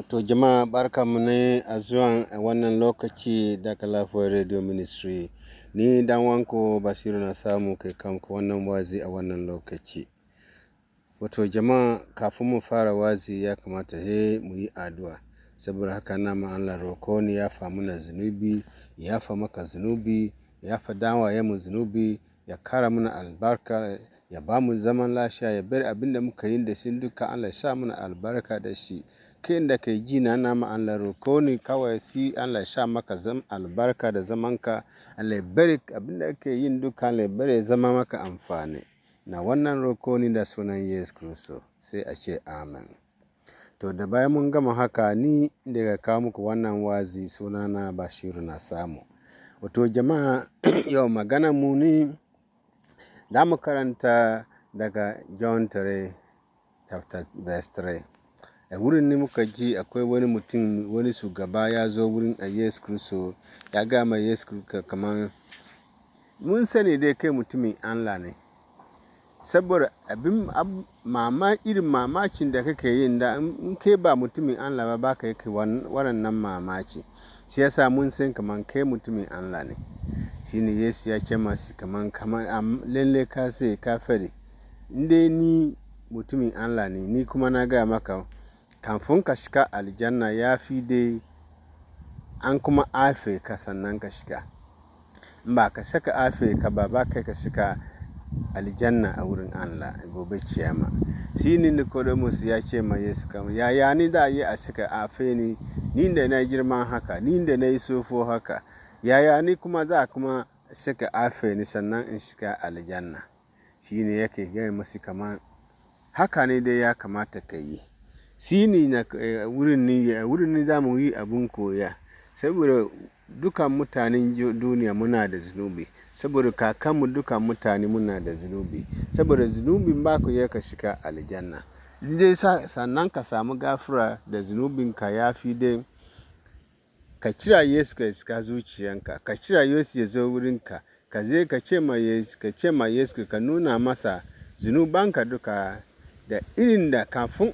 wato jama'a barka mu ne a zuwan wannan lokaci da kalafuwar Radio Ministry. Ni dan wanko Basiru na samu kai kanku wannan wazi a wannan lokaci. Wato jama'a kafin mu fara wazi ya kamata he mu yi addu'a. Saboda haka na Allah roko ni ya fa muna zunubi, ya fa maka zunubi, ya fa ya mu zunubi, ya kara muna albarka, ya ba mu zaman lafiya, ya bar abinda muka yi da shi duka Allah ya sa muna albarka da shi. kai da ka ji na na ma Allah roko ni kawai si Allah sha maka zam albarka da zamanka Allah bari abin da kake yin duka Allah bari zama maka amfani na wannan roko ni da sunan Yesu Kristo sai a ce amen to da bayan mun gama haka ni daga kawo muku wannan wazi sunana Bashiru na samu wato jama'a yau magana mu ni da mu karanta daga John 3 chapter 3 a wurin ne muka ji akwai wani mutum wani shugaba ya zo wurin a yesu kristo ya gama yesu kristo kamar mun sani dai kai mutumin allah ne saboda abin mama irin mamacin da kake yi da in kai ba mutumin allah ba ba ka yi waɗannan mamaci shi yasa mun san kamar kai mutumin allah ne shi ne yesu ya ce masu kamar kamar lalle ka sai ka fari inda ni mutumin allah ne ni kuma na gaya maka kafin ka shiga aljanna ya fi dai an kuma afe ka sannan ka shiga ba ka saka afe ka ba ba kai ka shiga aljanna a wurin allah gobe ciyama shi ne nicodemus ya ce ma yesu kamar yaya ni da yi a shiga afe ni ni da na girma haka ni da na yi sofo haka yaya ni kuma za kuma shiga afe ni sannan in shiga aljanna shi ne yake gaya masu kama haka ne dai ya kamata ka yi shi na wurin eh, ne wurin ni eh, za yi abun koya saboda dukan mutanen duniya muna da zunubi saboda kakanmu dukan mutane muna da zunubi saboda zunubin ba ku ya ka shiga aljanna dai sannan ka samu gafura da zunubinka ya fi dai ka cira yesu ka iska zuciyanka ka cira yesu ya zo wurinka ka je ka ce ma yesu ka ce ma yesu ka nuna masa zunubanka duka da irin da kafin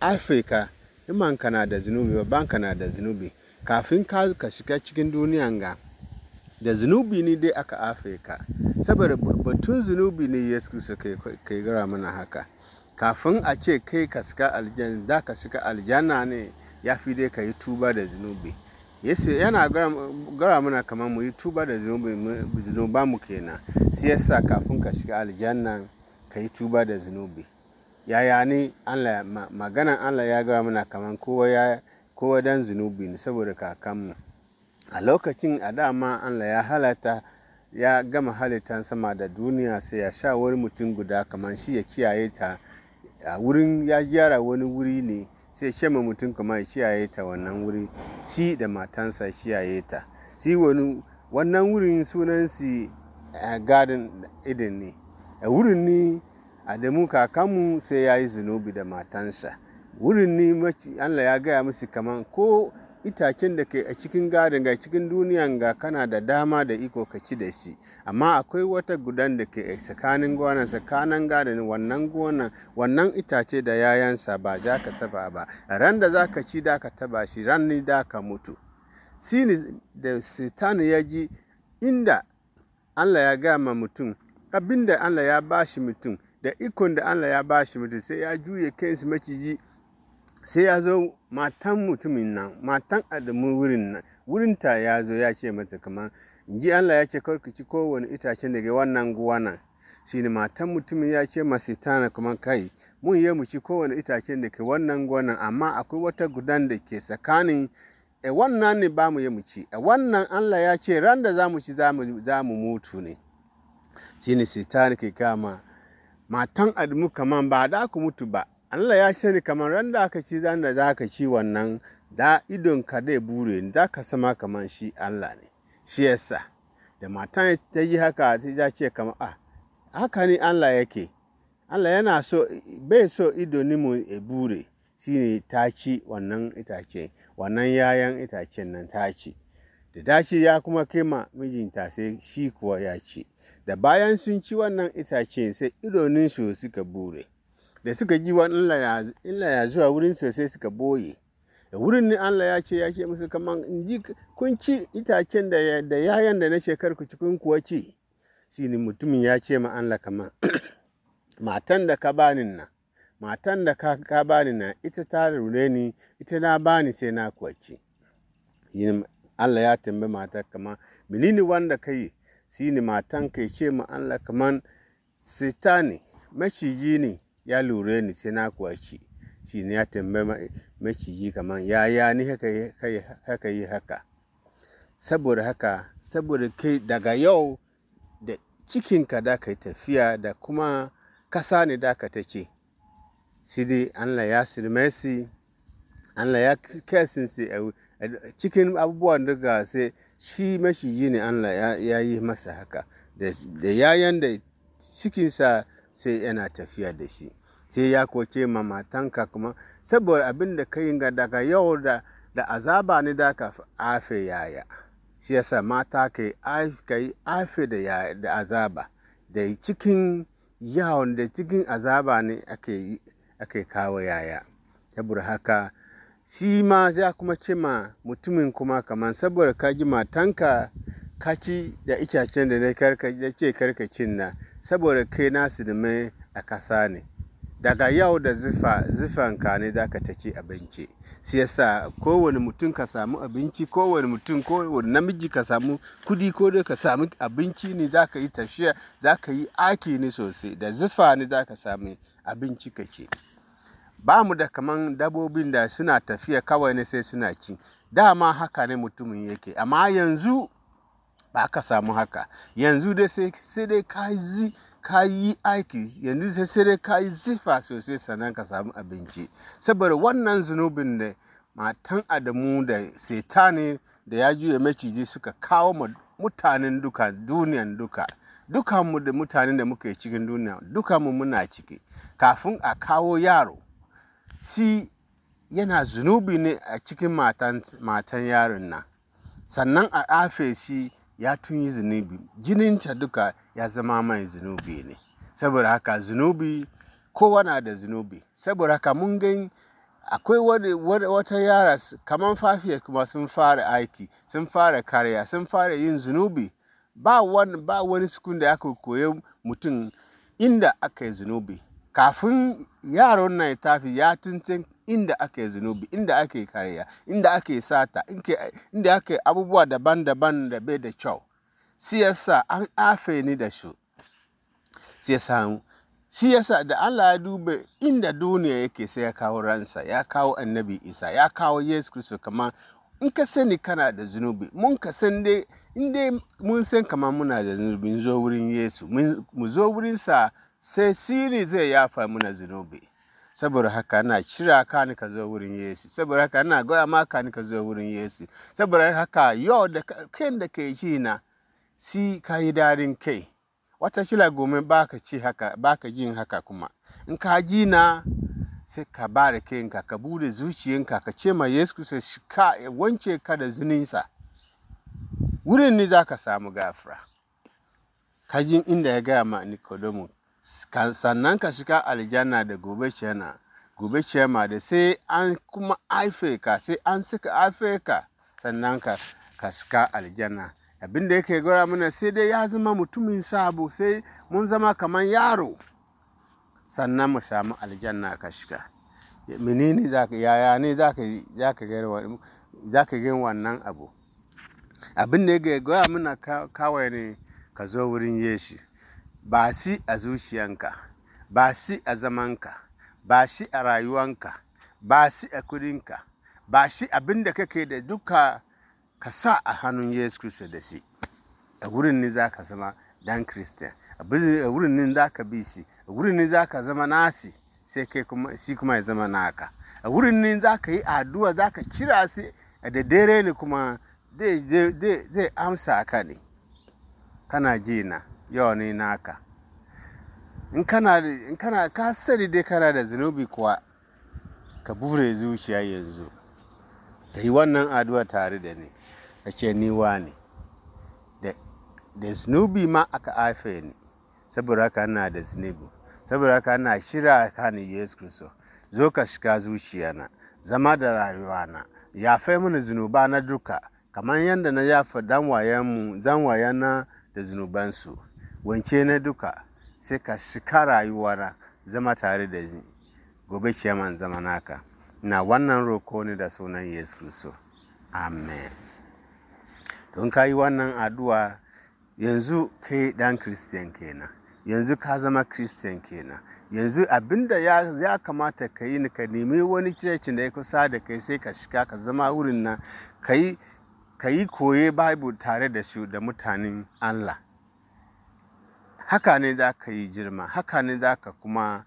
afirka in ka na da zunubi babban ka na da zunubi kafin ka ka shiga cikin duniyan ga da zunubi ne dai aka afirka saboda batun zunubi ne yesu kristo kai gara mana haka kafin a ce kai ka shiga aljanna da ka shiga aljanna ne ya fi dai ka yi tuba da zunubi yesu yana gara mana kamar mu yi tuba da zunuba mu kenan sai yasa kafin ka shiga aljanna ka yi tuba da zunubi yaya ne Allah maganan Allah ya gara mana kaman kowa ya kowa dan zunubi ne saboda kakanmu a lokacin a dama Allah ya halata ya gama halittan sama da duniya sai ya sha wani mutum guda kaman shi ya kiyaye ta a wurin ya gyara wani wuri ne sai shema mutum kuma ya kiyaye ta wannan wuri si da matansa kiyaye ta si wani wannan wurin sunansi eh, garden eden ne a wurin ne Adamu kakanmu sai ya yi zunubi da matansa. Wurin ni Allah ya gaya musu kaman ko itacen da ke a cikin gadon ga cikin duniyan ga kana da dama da iko ka ci da shi amma akwai wata gudan da ke tsakanin gonan tsakanin gadon wannan gonan wannan itace da yayansa ba za ka taba ba ran da za ka ci da ka taba shi ran ni da ka mutu sini da satan ya ji inda Allah ya gama mutum abinda Allah ya bashi mutum da ikon da Allah ya ba shi mutum sai ya juye kansu maciji sai ya zo matan mutumin nan matan adamu wurin nan wurinta ya zo ya ce mata kamar in ji Allah ya ce ka ci kowane itacen daga wannan guwa nan shi ne matan mutumin ya ce masu tana kuma kai mun yi mu ci kowane itacen da ke wannan gona amma akwai wata gudan da ke tsakanin e wannan ne ba mu yi mu ci e wannan Allah ya ce ran da za mu ci za mu mutu ne shi ne sitani ke kama matan adamu kaman ba da ku mutu ba Allah ya sani kaman ran da aka ci zan da za ka ci wannan da idon ka dai bure ni za ka sama kamar shi Allah ne shi yasa da matan ta yi haka ta ce kamar a ah, haka ne Allah yake Allah yana so bai so ni mu e bure shine ta ci wannan itace wannan yayan itacen nan ta ci da dace ya kuma kai ma mijinta sai shi kuwa ya ci da bayan sun ci wannan itacen sai idoninsu suka bure da suka ji wani Allah ya zuwa wurin sai suka boye da wurin ne Allah ya ce ya ce musu kaman in ji kun ci itacen da yayan da na shekar ku ci kun kuwa ci sini mutumin ya ce ma Allah kaman matan da ka bani na matan da ka, bani na ita ta rure ni ita na bani sai na kuwa ci Allah ya tambayi matar kaman menene wanda ka yi shi ne matan ka ce ma Allah kaman sitani maciji ne ya lura ni sai na kuwa ci shi ne ya tambayi maciji kaman ya ya ni haka yi haka saboda haka saboda kai daga yau da cikinka da ka tafiya da kuma kasa ne da ka ta ce sai dai Allah ya sirmesi Allah ya kesinsa cikin abubuwan da ga sai shi mashiji ne Allah ya yi masa haka da yayan da cikinsa sai yana tafiya da shi sai ya koce ma matanka kuma saboda abin da ka yi daga yau da da azaba ne da ka afe yaya shi yasa mata ka yi afe da, azaba da cikin yawon da cikin azaba ne ake kawo yaya saboda haka shi ma za kuma ce ma mutumin kuma kamar saboda ka ji matanka ka ci da itacen da na ce karkacin na saboda kai na sinimai a kasa ne daga yau da zufa zufanka ne za ka ta ci abinci sai yasa kowane mutum ka samu abinci kowane mutum kowane namiji ka samu kudi ko da ka samu abinci ne za ka yi tafiya za ka yi aki ne sosai da zufa ne za ka samu abinci ka ce ba mu da kaman dabobin da suna tafiya kawai ne sai suna ci dama haka ne mutumin yake amma yanzu ba ka samu haka yanzu dai sai dai ka yi ka yi aiki yanzu sai sai dai ka yi zifa sosai sannan ka samu abinci saboda wannan zunubin da matan adamu da setani da ya juya maciji suka kawo mutanen duka duniyan duka dukanmu da mutanen da muke cikin duniya dukanmu muna ciki kafin a kawo yaro shi yana zunubi ne a cikin matan yaron nan sannan a afe shi ya tun yi zunubi jininta duka ya zama mai zunubi ne saboda haka zunubi kowa na da zunubi saboda haka mun gani akwai wata yara kamar fafiya kuma sun fara aiki sun fara karya sun fara yin zunubi ba wani ba wani sukun da aka koyi mutum inda aka yi zunubi kafin yaron nan ya tafi ya tuncin inda ake zunubi inda ake karya inda ake sata inda ake abubuwa daban-daban da bai da kyau siyasa an afe ni da su siyasa siyasa da Allah ya dube inda duniya yake sai ya kawo ransa ya kawo annabi isa ya kawo yesu kristo kamar in ka sani kana da zunubi mun ka san dai in dai mun san kamar muna da zunubi zo wurin yesu mu zo wurinsa sai siri zai yafa muna zunubi saboda haka ana cira ka ni ka zo wurin Yesu saboda haka na goya ma ka ni ka zo wurin Yesu saboda haka yau da kan da kai ji na si ka yi darin kai wata shila gome ba ka ci haka ba ka jin haka kuma in ka ji na sai ka ba da kainka ka bude zuciyanka ka ce ma Yesu sai ka wance ka da zuninsa wurin ni za ka samu gafara kajin inda ya gaya ma Nicodemus sannan ka shiga aljanna da gobe kenan gobe da sai an kuma haife ka sai an suka haife ka sannan ka shiga aljanna abin da yake gwara mana sai dai ya zama mutumin sabo sai mun zama kamar yaro sannan mu samu aljanna ka shiga menene zaka yaya ne za ka ga wannan abu abin da yake gwara mana kawai ne ka zo wurin yeshi ba shi a zuciyanka ba shi a zamanka ba shi a rayuwanka ba shi a kudinka ba shi abin da kake da duka ka sa a hannun yesu kristo da shi a wurin ne za ka zama dan kristiyan a wurin ne za ka bi shi a wurin ne za ka zama nasi sai kai kuma shi kuma ya zama naka a wurin ne za ka yi addu'a za ka kira shi da dare ne kuma zai amsa ka ne kana ji na yawa ne naka in kana in kana ka sani dai kana da zunubi kuwa ka bure zuciya yanzu ka yi wannan aduwa tare da ni ka ce ni wa ne da zunubi ma aka haife ni saboda haka na da zunubi saboda haka na shira ka ni yesu kristo zo ka shiga na, zama da rayuwa ya yafe mini zunuba na duka kamar yadda na yafa dan na da zunubansu wance na duka sai ka shika rayuwar zama tare da ni gobe ciyaman zama naka na wannan roko ne da sunan yesu kristo amen don ka yi wannan addu'a yanzu kai dan kristiyan kenan yanzu ka zama kristiyan kenan yanzu abinda ya, kamata ka yi ka nemi wani cecin da ya kusa da kai sai ka shiga ka zama wurin nan ka yi koye bible tare da su da mutanen allah haka ne za ka yi girma haka ne za ka kuma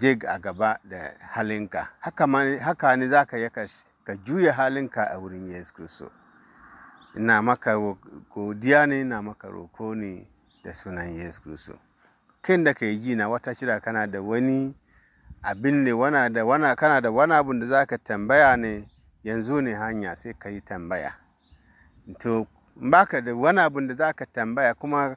je a gaba da halinka haka ne za ka yi ka juya halinka a wurin yesu kristo ina maka godiya ne ina maka roko ne da sunan yesu kristo kai da ka yi ji na wata shida kana da wani abin ne wana da wana kana da wani abin da za ka tambaya ne yanzu ne hanya sai ka yi tambaya to baka da wani abin da za ka tambaya kuma